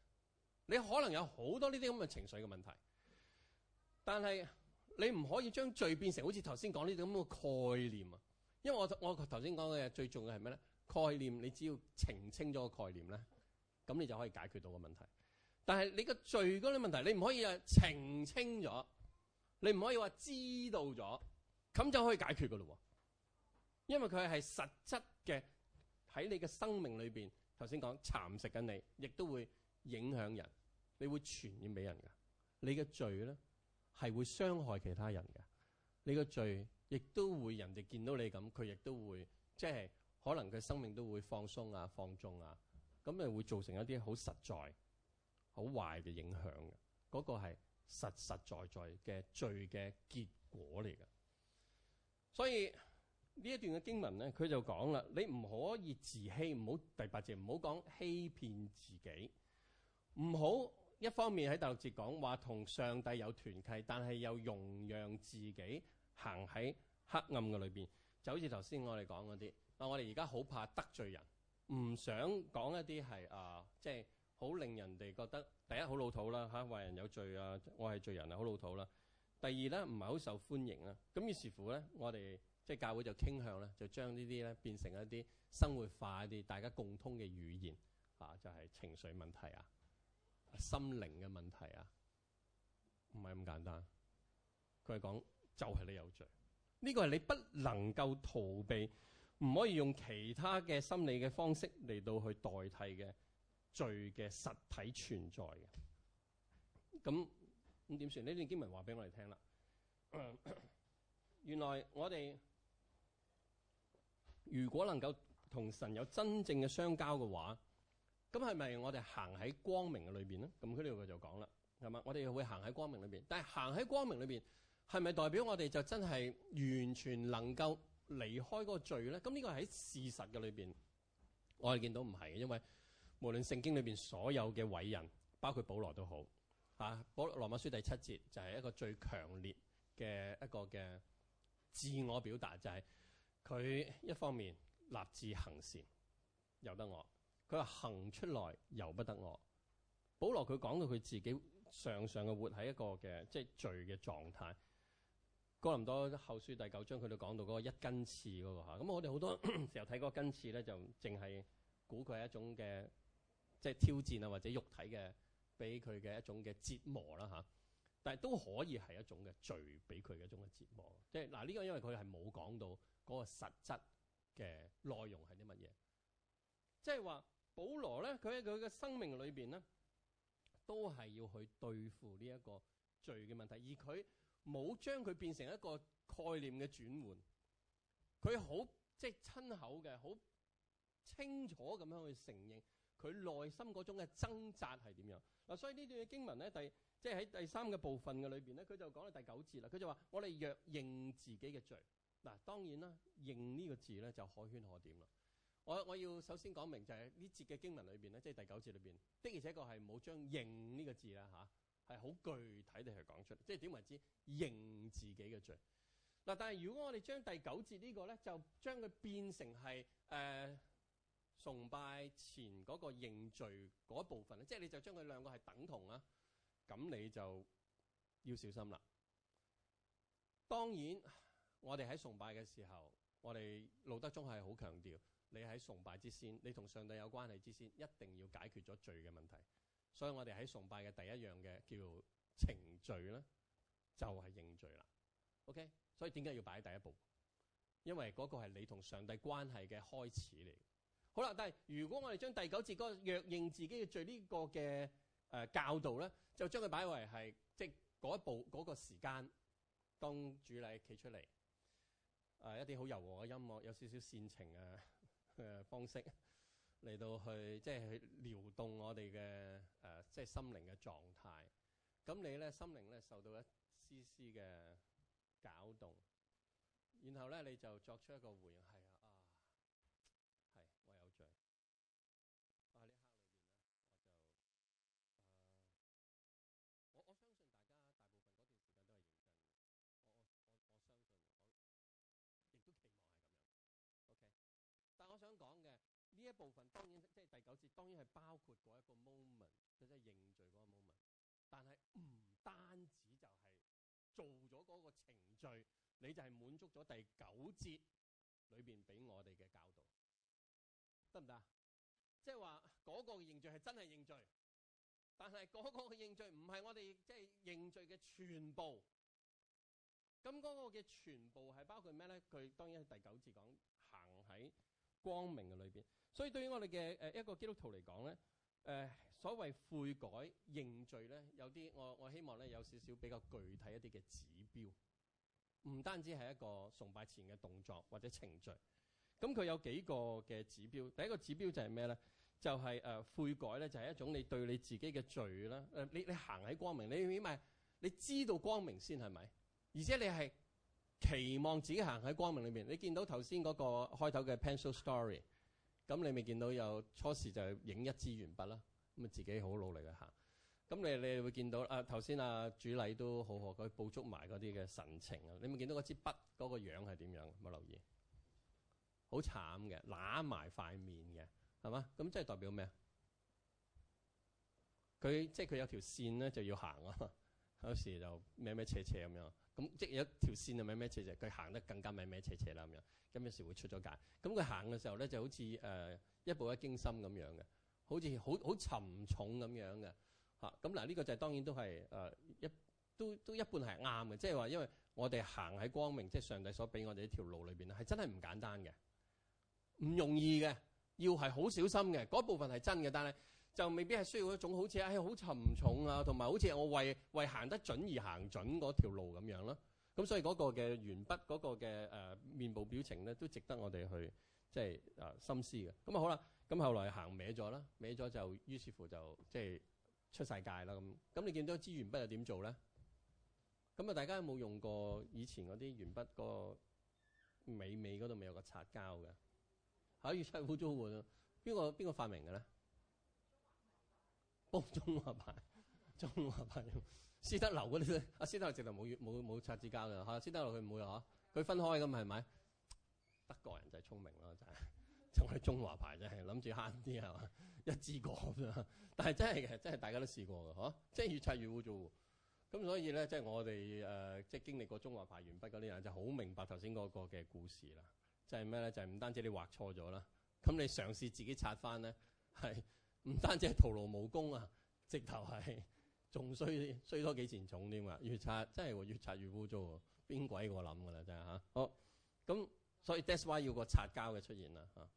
你可能有好多呢啲咁嘅情緒嘅問題，但係你唔可以將罪變成好似頭先講呢啲咁嘅概念啊。因為我我頭先講嘅嘢最重要係咩咧？概念，你只要澄清咗個概念咧，咁你就可以解決到個問題。但係你個罪嗰啲問題，你唔可以啊澄清咗，你唔可以話知道咗，咁就可以解決噶咯？因為佢係實質嘅喺你嘅生命裏邊，頭先講蠶食緊你，亦都會影響人，你會傳染俾人噶。你嘅罪咧係會傷害其他人噶。你嘅罪亦都會人哋見到你咁，佢亦都會即係可能佢生命都會放鬆啊放縱啊，咁就會造成一啲好實在好壞嘅影響嘅，嗰個係實實在在嘅罪嘅結果嚟嘅。所以呢一段嘅經文咧，佢就講啦，你唔可以自欺，唔好第八節唔好講欺騙自己，唔好一方面喺第六節講話同上帝有團契，但係又容讓自己行喺黑暗嘅裏邊，就好似頭先我哋講嗰啲。啊，我哋而家好怕得罪人，唔想講一啲係啊，即、呃、係。就是好令人哋覺得第一，好老土啦嚇，壞人有罪啊，我係罪人啊，好老土啦。第二咧，唔係好受歡迎啦。咁於是乎咧，我哋即係教會就傾向咧，就將呢啲咧變成一啲生活化一啲大家共通嘅語言啊，就係情緒問題啊、心靈嘅問題啊，唔係咁簡單。佢係講就係你有罪，呢個係你不能夠逃避，唔可以用其他嘅心理嘅方式嚟到去代替嘅。罪嘅實體存在嘅，咁咁點算？呢段經文話俾我哋聽啦。原來我哋如果能夠同神有真正嘅相交嘅話，咁係咪我哋行喺光明嘅裏邊咧？咁佢呢度就講啦，係嘛？我哋會行喺光明裏邊，但係行喺光明裏邊係咪代表我哋就真係完全能夠離開嗰個罪咧？咁呢個喺事實嘅裏邊，我哋見到唔係嘅，因為。無論聖經裏邊所有嘅偉人，包括保羅都好，吓保羅羅馬書第七節就係一個最強烈嘅一個嘅自我表達，就係、是、佢一方面立志行善，由得我；佢話行出來由不得我。保羅佢講到佢自己常常嘅活喺一個嘅即係罪嘅狀態。哥林多後書第九章佢都講到嗰個一根刺嗰、那個吓，咁我哋好多時候睇嗰根刺咧就淨係估佢係一種嘅。即係挑戰啊，或者肉體嘅俾佢嘅一種嘅折磨啦，吓，但係都可以係一種嘅罪俾佢嘅一種嘅折磨。即係嗱，呢個因為佢係冇講到嗰個實質嘅內容係啲乜嘢。即係話保羅咧，佢喺佢嘅生命裏邊咧，都係要去對付呢一個罪嘅問題，而佢冇將佢變成一個概念嘅轉換。佢好即係親口嘅，好清楚咁樣去承認。佢內心嗰種嘅掙扎係點樣嗱？所以呢段經文咧，第即係喺第三個部分嘅裏面呢，咧，佢就講到第九節啦。佢就話：我哋若認自己嘅罪嗱，當然啦，認呢個字咧就可圈可點啦。我我要首先講明就係呢節嘅經文裏面，咧，即係第九節裏面的而且確係冇將認呢個字啦吓，係、啊、好具體地去講出嚟，即係點為之認自己嘅罪嗱？但係如果我哋將第九節個呢個咧，就將佢變成係誒崇拜前嗰個認罪嗰一部分咧，即係你就將佢兩個係等同啦，咁你就要小心啦。當然，我哋喺崇拜嘅時候，我哋路德宗係好強調，你喺崇拜之先，你同上帝有關係之先，一定要解決咗罪嘅問題。所以我哋喺崇拜嘅第一樣嘅叫做程序咧，就係認罪啦。OK，所以點解要擺喺第一步？因為嗰個係你同上帝關係嘅開始嚟。好啦，但係如果我哋將第九節個若認自己嘅罪呢個嘅誒、呃、教導咧，就將佢擺為係即係一步，那個時間當主禮企出嚟，誒、呃、一啲好柔和嘅音樂有些少少煽情嘅誒方式嚟到去即係、就是、去撩動我哋嘅誒即係心靈嘅狀態，咁你咧心靈咧受到一絲絲嘅攪動，然後咧你就作出一個回應係。部分當然即係第九節，當然係包括嗰一個 moment，即係認罪嗰個 moment。但係唔單止就係做咗嗰個程序，你就係滿足咗第九節裏邊俾我哋嘅教導，得唔得啊？即係話嗰個認罪係真係認罪，但係嗰個認罪唔係我哋即係認罪嘅全部。咁嗰個嘅全部係包括咩咧？佢當然係第九節講行喺。光明嘅裏邊，所以對於我哋嘅誒一個基督徒嚟講咧，誒所謂悔改認罪咧，有啲我我希望咧有少少比較具體一啲嘅指標，唔單止係一個崇拜前嘅動作或者程序。咁佢有幾個嘅指標，第一個指標就係咩咧？就係、是、誒悔改咧，就係一種你對你自己嘅罪啦。誒你你行喺光明，你起碼，你知道光明先係咪？而且你係期望自己行喺光明裏面，你見到頭先嗰個開頭嘅 pencil story，咁你咪見到有初時就影一支鉛筆啦，咁啊自己好努力去行。咁你你會見到啊頭先啊主禮都好好學，佢捕捉埋嗰啲嘅神情啊。你咪見到嗰支筆嗰個樣係點樣？冇留意，好慘嘅，攬埋塊面嘅，係嘛？咁即係代表咩啊？佢即係佢有條線咧就要行啊有時就咩咩斜斜咁樣，咁即係有一條線就咩咩斜斜，佢行得更加咩咩斜斜啦咁樣，咁有時會出咗界。咁佢行嘅時候咧，就好似誒一步一驚心咁樣嘅，好似好好沉重咁樣嘅嚇。咁嗱呢個就當然都係誒一都都一半係啱嘅，即係話因為我哋行喺光明，即係上帝所俾我哋一條路裏邊咧，係真係唔簡單嘅，唔容易嘅，要係好小心嘅。嗰部分係真嘅，但係，就未必係需要一種好似啊，係、哎、好沉重啊，同埋好似我為為行得準而行準嗰條路咁樣咯。咁所以嗰個嘅鉛筆嗰個嘅誒、呃、面部表情咧，都值得我哋去即係誒、啊、深思嘅。咁啊好啦，咁後來行歪咗啦，歪咗就於是乎就即係出世界啦咁。咁你見到支鉛筆又點做咧？咁啊，大家有冇用過以前嗰啲鉛筆嗰個尾尾嗰度咪有個擦膠嘅？可以擦好早換啊！邊個邊個發明嘅咧？哦、中華牌，中華牌，施德樓嗰啲。阿施德樓直頭冇月冇冇擦紙膠嘅嚇，施德樓佢唔會嚇，佢分開嘅嘛係咪？德國人就係聰明咯，就係就係中華牌啫、就係，諗住慳啲係嘛，一支過，但係真係嘅，真係大家都試過嘅嚇，即係越擦越污糟。咁所以咧，即係我哋誒，即係經歷過中華牌鉛筆嗰啲人就好明白頭先嗰個嘅故事啦。就係咩咧？就係唔單止你畫錯咗啦，咁你嘗試自己擦翻咧，係。唔單止係徒勞無功啊，直頭係仲衰衰多幾錢重添啊！越擦，真係會越擦越污糟喎，邊鬼個諗㗎啦真係嚇！好，咁，所以 that's why 要個擦膠嘅出現啦嚇，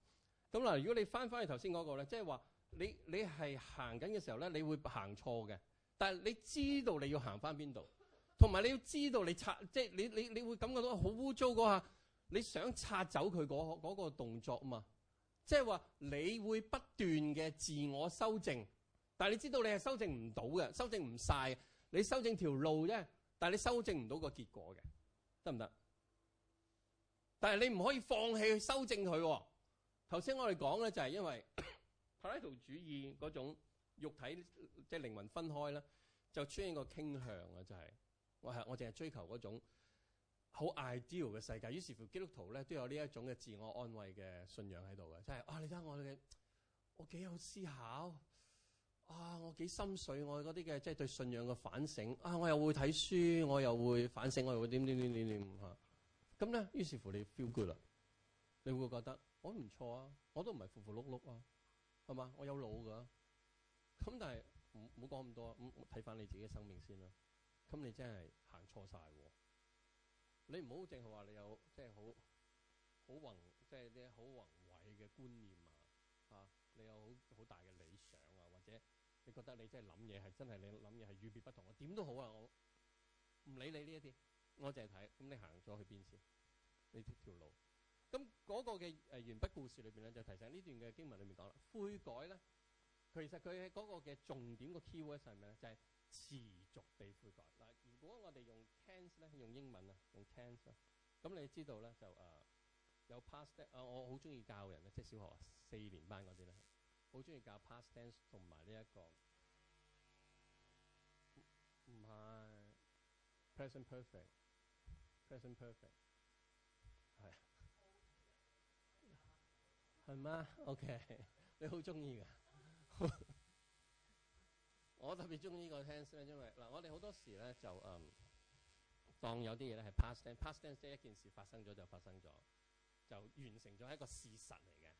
咁嗱，如果你翻翻去頭先嗰個咧，即係話你你係行緊嘅時候咧，你會行錯嘅，但係你知道你要行翻邊度，同埋你要知道你擦，即係你你你會感覺到好污糟嗰下，你想擦走佢嗰嗰個動作啊嘛。即係話，你會不斷嘅自我修正，但係你知道你係修正唔到嘅，修正唔晒。你修正條路啫，但係你修正唔到個結果嘅，得唔得？但係你唔可以放棄去修正佢。頭先我哋講咧，就係因為 柏拉圖主義嗰種肉體即係、就是、靈魂分開啦，就出現個傾向啊，就係、是、我係我淨係追求嗰種。好 ideal 嘅世界，於是乎基督徒咧都有呢一種嘅自我安慰嘅信仰喺度嘅，即係啊，你睇下我嘅，我幾有思考，啊，我幾心水，我嗰啲嘅即係對信仰嘅反省，啊，我又會睇書，我又會反省，我又會點點點點點嚇，咁咧，於是乎你 feel good 啦，你會覺得我唔錯啊，我都唔係糊糊碌碌啊，係嘛，我有腦噶，咁但係唔好講咁多，咁睇翻你自己嘅生命先啦，咁你真係行錯晒喎。你唔好淨係話你有即係好好宏，即係啲好宏偉嘅觀念啊！嚇，你有好好大嘅理想啊，或者你覺得你真係諗嘢係真係你諗嘢係與別不同啊？點都好啊，我唔理你呢一啲，我淨係睇，咁你行咗去邊先？你條路，咁嗰個嘅誒原筆故事裏邊咧就提醒呢段嘅經文裏面講啦，悔改咧，其實佢喺嗰個嘅重點個 key word 上面咧就係。持續地改嗱，如果我哋用 tense 咧，用英文啊，用 tense 咧，咁你知道咧就誒有 past，啊我好中意教人嘅，即係小學四年班嗰啲咧，好中意教 past tense 同埋呢一個唔係 present perfect，present perfect 係係咩？OK，你好中意㗎。我特別中意呢個 past tense 因為嗱，我哋好多時咧就誒、嗯、當有啲嘢咧係 past tense，past tense 即係一件事發生咗就發生咗，就完成咗係一個事實嚟嘅。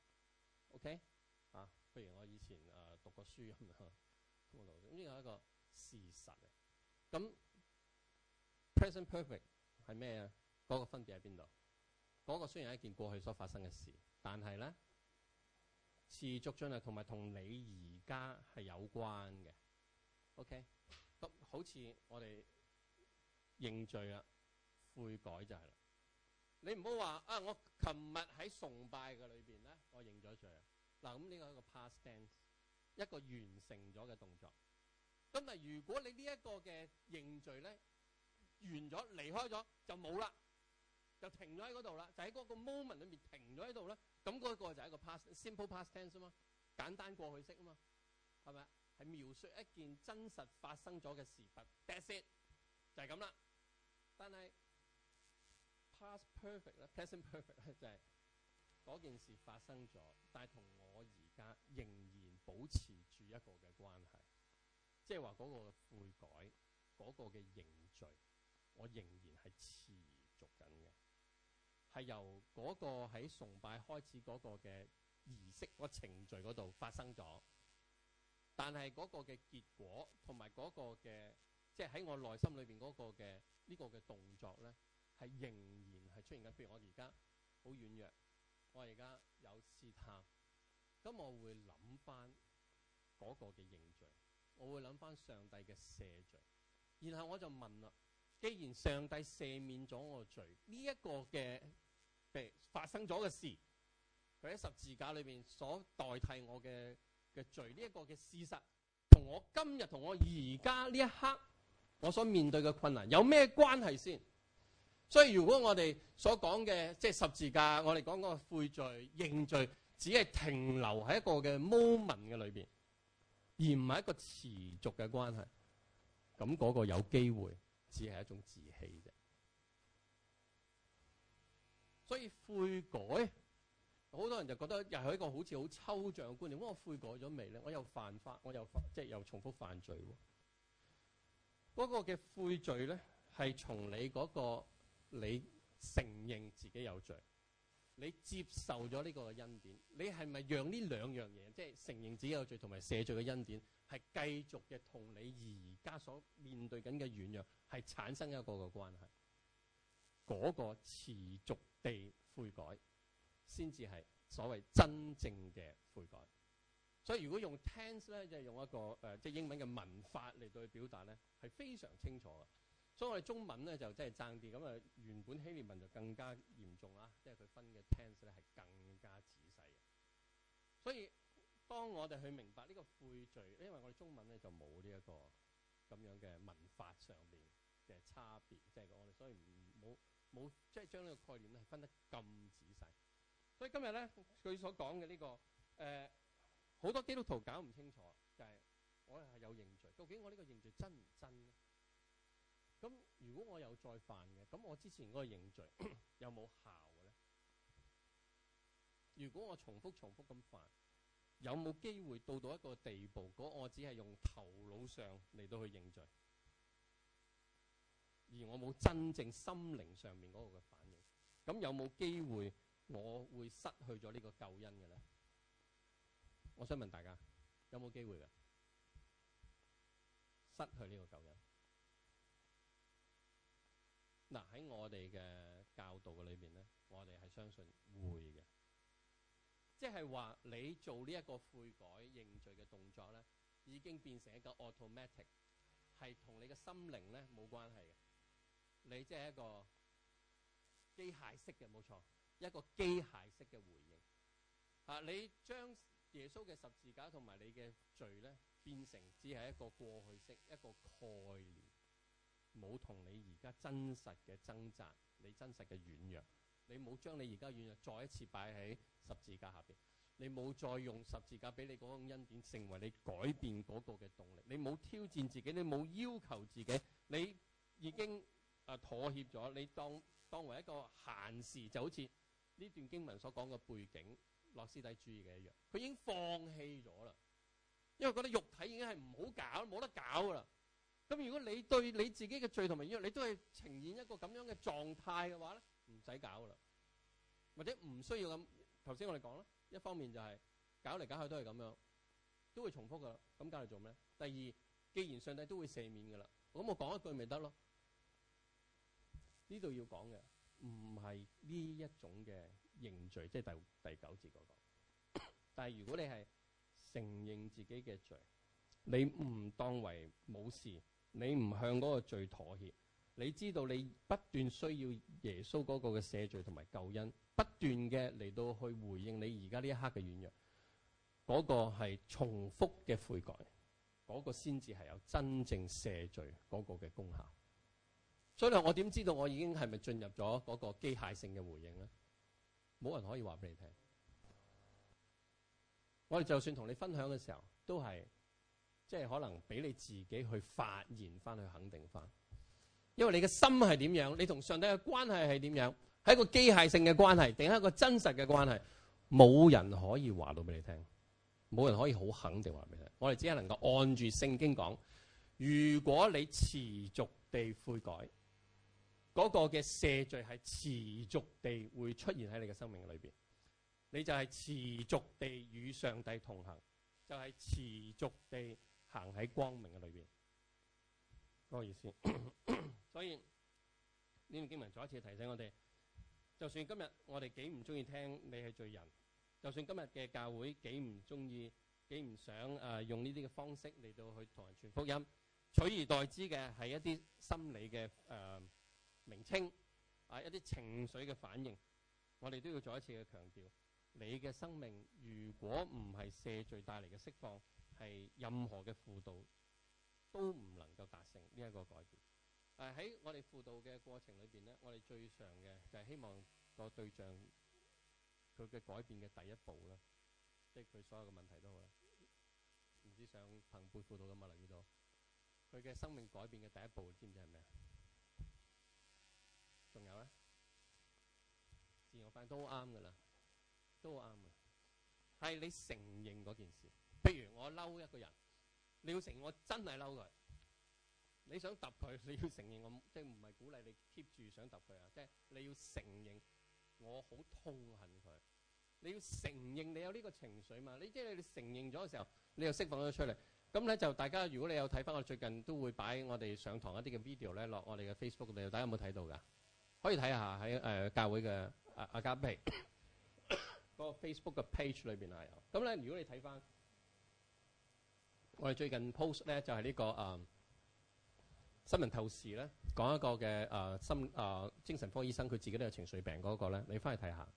OK 啊，譬如我以前誒、呃、讀過書咁樣，咁呢個係一個事實。咁 present perfect 係咩啊？嗰、那個分別喺邊度？嗰、那個雖然係一件過去所發生嘅事，但係咧持續進行，同埋同你而家係有關嘅。OK，咁好似我哋認罪啊，悔改就係啦。你唔好話啊，我琴日喺崇拜嘅裏邊咧，我認咗罪啊。嗱，咁呢個係一個 past tense，一個完成咗嘅動作。咁但係如果你呢一個嘅認罪咧完咗、離開咗就冇啦，就停咗喺嗰度啦，就喺嗰個 moment 裏面停咗喺度咧，咁嗰個就係一個 past simple past tense 啊嘛，簡單過去式啊嘛，係咪？係描述一件真實發生咗嘅事實，But that's it, 就係咁啦。但係 past perfect 咧 present perfect 咧，就係、是、嗰件事發生咗，但係同我而家仍然保持住一個嘅關係，即係話嗰個悔改、嗰、那個嘅認罪，我仍然係持續緊嘅，係由嗰個喺崇拜開始嗰個嘅儀式、嗰、那個、程序嗰度發生咗。但係嗰個嘅結果，同埋嗰個嘅，即係喺我內心裏邊嗰個嘅呢個嘅動作咧，係仍然係出現緊。譬如我而家好軟弱，我而家有試探，咁我會諗翻嗰個嘅認罪，我會諗翻上帝嘅赦罪，然後我就問啦：既然上帝赦免咗我的罪，呢一個嘅發生咗嘅事，佢喺十字架裏邊所代替我嘅。嘅罪，呢一個嘅事實，同我今日同我而家呢一刻我所面對嘅困難有咩關係先？所以如果我哋所講嘅即係十字架，我哋講個悔罪認罪，只係停留喺一個嘅 moment 嘅裏邊，而唔係一個持續嘅關係，咁、那、嗰個有機會只係一種自棄嘅。所以悔改。好多人就覺得又係一個好似好抽象嘅觀念。咁我悔改咗未咧？我又犯法，我又即係又重複犯罪喎。嗰個嘅悔罪咧，係從你嗰個你承認自己有罪，你接受咗呢個嘅恩典，你係咪讓呢兩樣嘢，即係承認自己有罪同埋赦罪嘅恩典，係繼續嘅同你而家所面對緊嘅軟弱，係產生一個嘅關係？嗰個持續地悔改。先至係所謂真正嘅悔改，所以如果用 tense 咧，就係、是、用一個誒，即、呃、係、就是、英文嘅文法嚟到去表達咧，係非常清楚嘅。所以我哋中文咧就真係爭啲咁啊。原本希臘文就更加嚴重啦，即係佢分嘅 tense 咧係更加仔細的。所以當我哋去明白呢個悔罪，因為我哋中文咧就冇呢一個咁樣嘅文法上面嘅差別，即、就、係、是、我哋所以唔冇冇即係將呢個概念咧分得咁仔細。所以今日咧，佢所講嘅呢、這個誒，好、呃、多基督徒搞唔清楚，就係、是、我係有認罪，究竟我呢個認罪真唔真咧？咁如果我有再犯嘅，咁我之前嗰個認罪 有冇效嘅咧？如果我重複重複咁犯，有冇機會到到一個地步，嗰、那個、我只係用頭腦上嚟到去認罪，而我冇真正心靈上面嗰個嘅反應，咁有冇機會？我會失去咗呢個救恩嘅咧。我想問大家，有冇機會嘅失去呢個救恩？嗱、啊，喺我哋嘅教導嘅裏邊咧，我哋係相信會嘅，即係話你做呢一個悔改認罪嘅動作咧，已經變成一個 automatic，係同你嘅心靈咧冇關係嘅。你即係一個機械式嘅，冇錯。一個機械式嘅回應，啊，你將耶穌嘅十字架同埋你嘅罪咧變成只係一個過去式，一個概念，冇同你而家真實嘅掙扎，你真實嘅軟弱，你冇將你而家軟弱再一次擺喺十字架下面，你冇再用十字架俾你嗰種恩典成為你改變嗰個嘅動力，你冇挑戰自己，你冇要求自己，你已經啊妥協咗，你當，當為一個閒事，就好似。呢段經文所講嘅背景，諾斯底主義嘅一樣，佢已經放棄咗啦，因為覺得肉體已經係唔好搞，冇得搞噶啦。咁如果你對你自己嘅罪同埋冤，你都係呈現一個咁樣嘅狀態嘅話咧，唔使搞啦，或者唔需要咁。頭先我哋講啦，一方面就係搞嚟搞去都係咁樣，都會重複噶啦，咁搞嚟做咩？第二，既然上帝都會赦免噶啦，咁我講一句咪得咯。呢度要講嘅。唔係呢一種嘅認罪，即係第第九節嗰個。但係如果你係承認自己嘅罪，你唔當為冇事，你唔向嗰個罪妥協，你知道你不斷需要耶穌嗰個嘅赦罪同埋救恩，不斷嘅嚟到去回應你而家呢一刻嘅軟弱，嗰個係重複嘅悔改，嗰個先至係有真正赦罪嗰個嘅功效。所以我點知道我已經係咪進入咗嗰個機械性嘅回應咧？冇人可以話俾你聽。我哋就算同你分享嘅時候，都係即係可能俾你自己去發現翻、去肯定翻。因為你嘅心係點樣，你同上帝嘅關係係點樣，係一個機械性嘅關係，定係一個真實嘅關係？冇人可以話到俾你聽，冇人可以好肯定話俾你聽。我哋只係能夠按住聖經講：如果你持續地悔改。嗰、那個嘅赦罪係持續地會出現喺你嘅生命裏邊，你就係持續地與上帝同行，就係、是、持續地行喺光明嘅裏邊。嗰、那個意思。 所以呢段經文再一次提醒我哋，就算今日我哋幾唔中意聽你係罪人，就算今日嘅教會幾唔中意、幾唔想誒、呃、用呢啲嘅方式嚟到去同人傳福音，取而代之嘅係一啲心理嘅誒。呃名稱，啊，一啲情緒嘅反應，我哋都要再一次嘅強調。你嘅生命如果唔係赦罪帶嚟嘅釋放，係任何嘅輔導都唔能夠達成呢一個改變。誒、啊、喺我哋輔導嘅過程裏邊咧，我哋最常嘅就係、是、希望個對象佢嘅改變嘅第一步啦，即係佢所有嘅問題都好啦。唔知道想憑背輔導咁嘛？黎宇到佢嘅生命改變嘅第一步知唔知係咩啊？仲有咧，自我翻都啱噶啦，都好啱呀。係你承認嗰件事，譬如我嬲一個人，你要承認我真係嬲佢。你想揼佢，你要承認我，即係唔係鼓勵你 keep 住想揼佢啊？即係你要承認我好痛恨佢。你要承認你有呢個情緒嘛？你即係你承認咗嘅時候，你又釋放咗出嚟。咁咧就大家，如果你有睇翻我最近都會擺我哋上堂一啲嘅 video 咧落我哋嘅 Facebook 度，大家有冇睇到噶？可以睇下喺誒教會嘅阿阿加皮、 那個 Facebook 嘅 page 裏邊係有。咁咧，如果你睇翻我哋最近 post 咧，就係、是、呢、這個誒、啊、新聞透視咧，講一個嘅誒、啊、心誒、啊、精神科醫生佢自己都有情緒病嗰一個咧，你翻去睇下。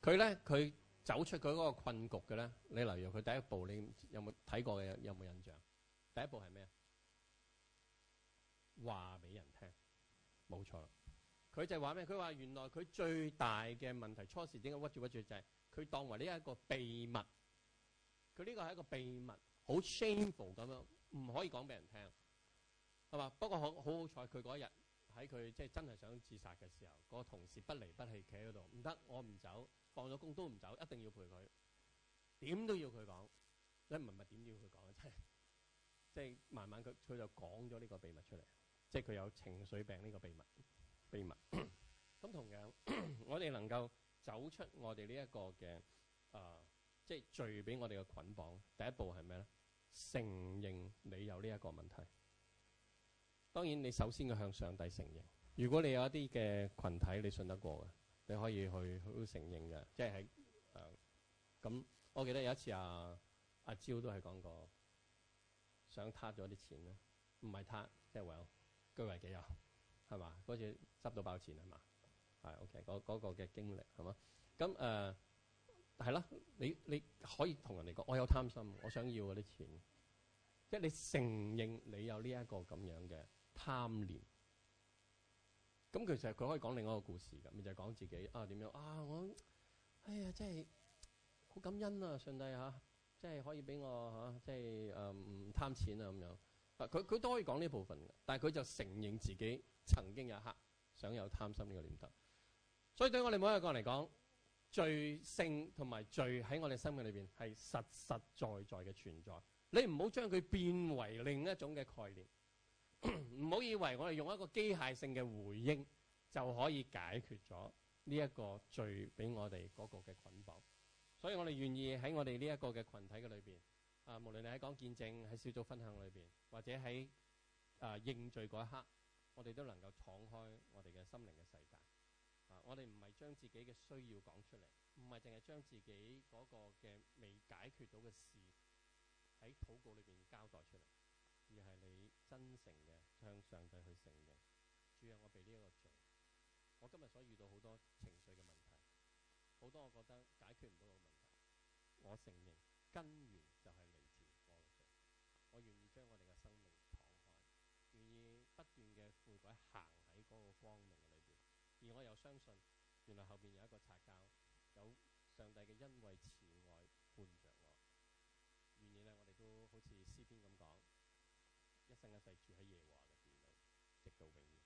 佢咧，佢走出佢嗰個困局嘅咧，你留意佢第一步，你有冇睇過嘅？有冇印象？第一步係咩啊？話俾人聽。冇錯，佢就話咩？佢話原來佢最大嘅問題，初時點解屈住屈住就係佢當為呢一個秘密。佢呢個係一個秘密，好 shameful 咁樣，唔可以講俾人聽，係嘛？不過好好彩，佢嗰日喺佢即係真係想自殺嘅時候，個同事不離不棄企喺度，唔得，我唔走，放咗工都唔走，一定要陪佢，點都要佢講，唔係點要佢講，真係，即係慢慢佢佢就講咗呢個秘密出嚟。即係佢有情緒病，呢個秘密秘密。咁 同樣，我哋能夠走出我哋呢一個嘅啊、呃，即係罪俾我哋嘅捆綁。第一步係咩咧？承認你有呢一個問題。當然，你首先要向上帝承認。如果你有一啲嘅群體你信得過嘅，你可以去都承認嘅，即係喺咁。呃、我記得有一次啊，阿蕉都係講過，想撻咗啲錢咯，唔係撻，即係為據為己有係嘛？嗰次執到包錢係嘛？係 OK 嗰、嗰個嘅、嗰個、經歷係嘛？咁誒係啦，你你可以同人哋講，我有貪心，我想要嗰啲錢，即係你承認你有呢一個咁樣嘅貪念。咁其實佢可以講另外一個故事㗎，咪就係、係、講自己啊，點樣啊，我哎呀真係好感恩啊上帝嚇、啊，即係可以俾我嚇即係誒唔貪錢啊咁樣。佢佢都可以講呢部分嘅，但係佢就承認自己曾經有一刻想有貪心呢個念頭。所以對我哋每一個人嚟講，罪性同埋罪喺我哋生命裏邊係實實在在嘅存在。你唔好將佢變為另一種嘅概念，唔好 以為我哋用一個機械性嘅回應就可以解決咗呢一個罪俾我哋嗰個嘅捆綁。所以我哋願意喺我哋呢一個嘅群體嘅裏邊。啊，無論你喺講見證，喺小組分享裏邊，或者喺啊認罪嗰一刻，我哋都能夠敞開我哋嘅心靈嘅世界。啊，我哋唔係將自己嘅需要講出嚟，唔係淨係將自己嗰個嘅未解決到嘅事喺禱告裏面交代出嚟，而係你真誠嘅向上帝去承認。主要我被呢一個罪。我今日所遇到好多情緒嘅問題，好多我覺得解決唔到嘅問題，我承認根源就係。不斷嘅悔改行喺嗰個光明裏邊，而我又相信，原來後邊有一個擦膠，有上帝嘅恩惠慈愛伴着我。所以咧，我哋都好似詩篇咁講，一生一世住喺耶和華入邊，直到永遠。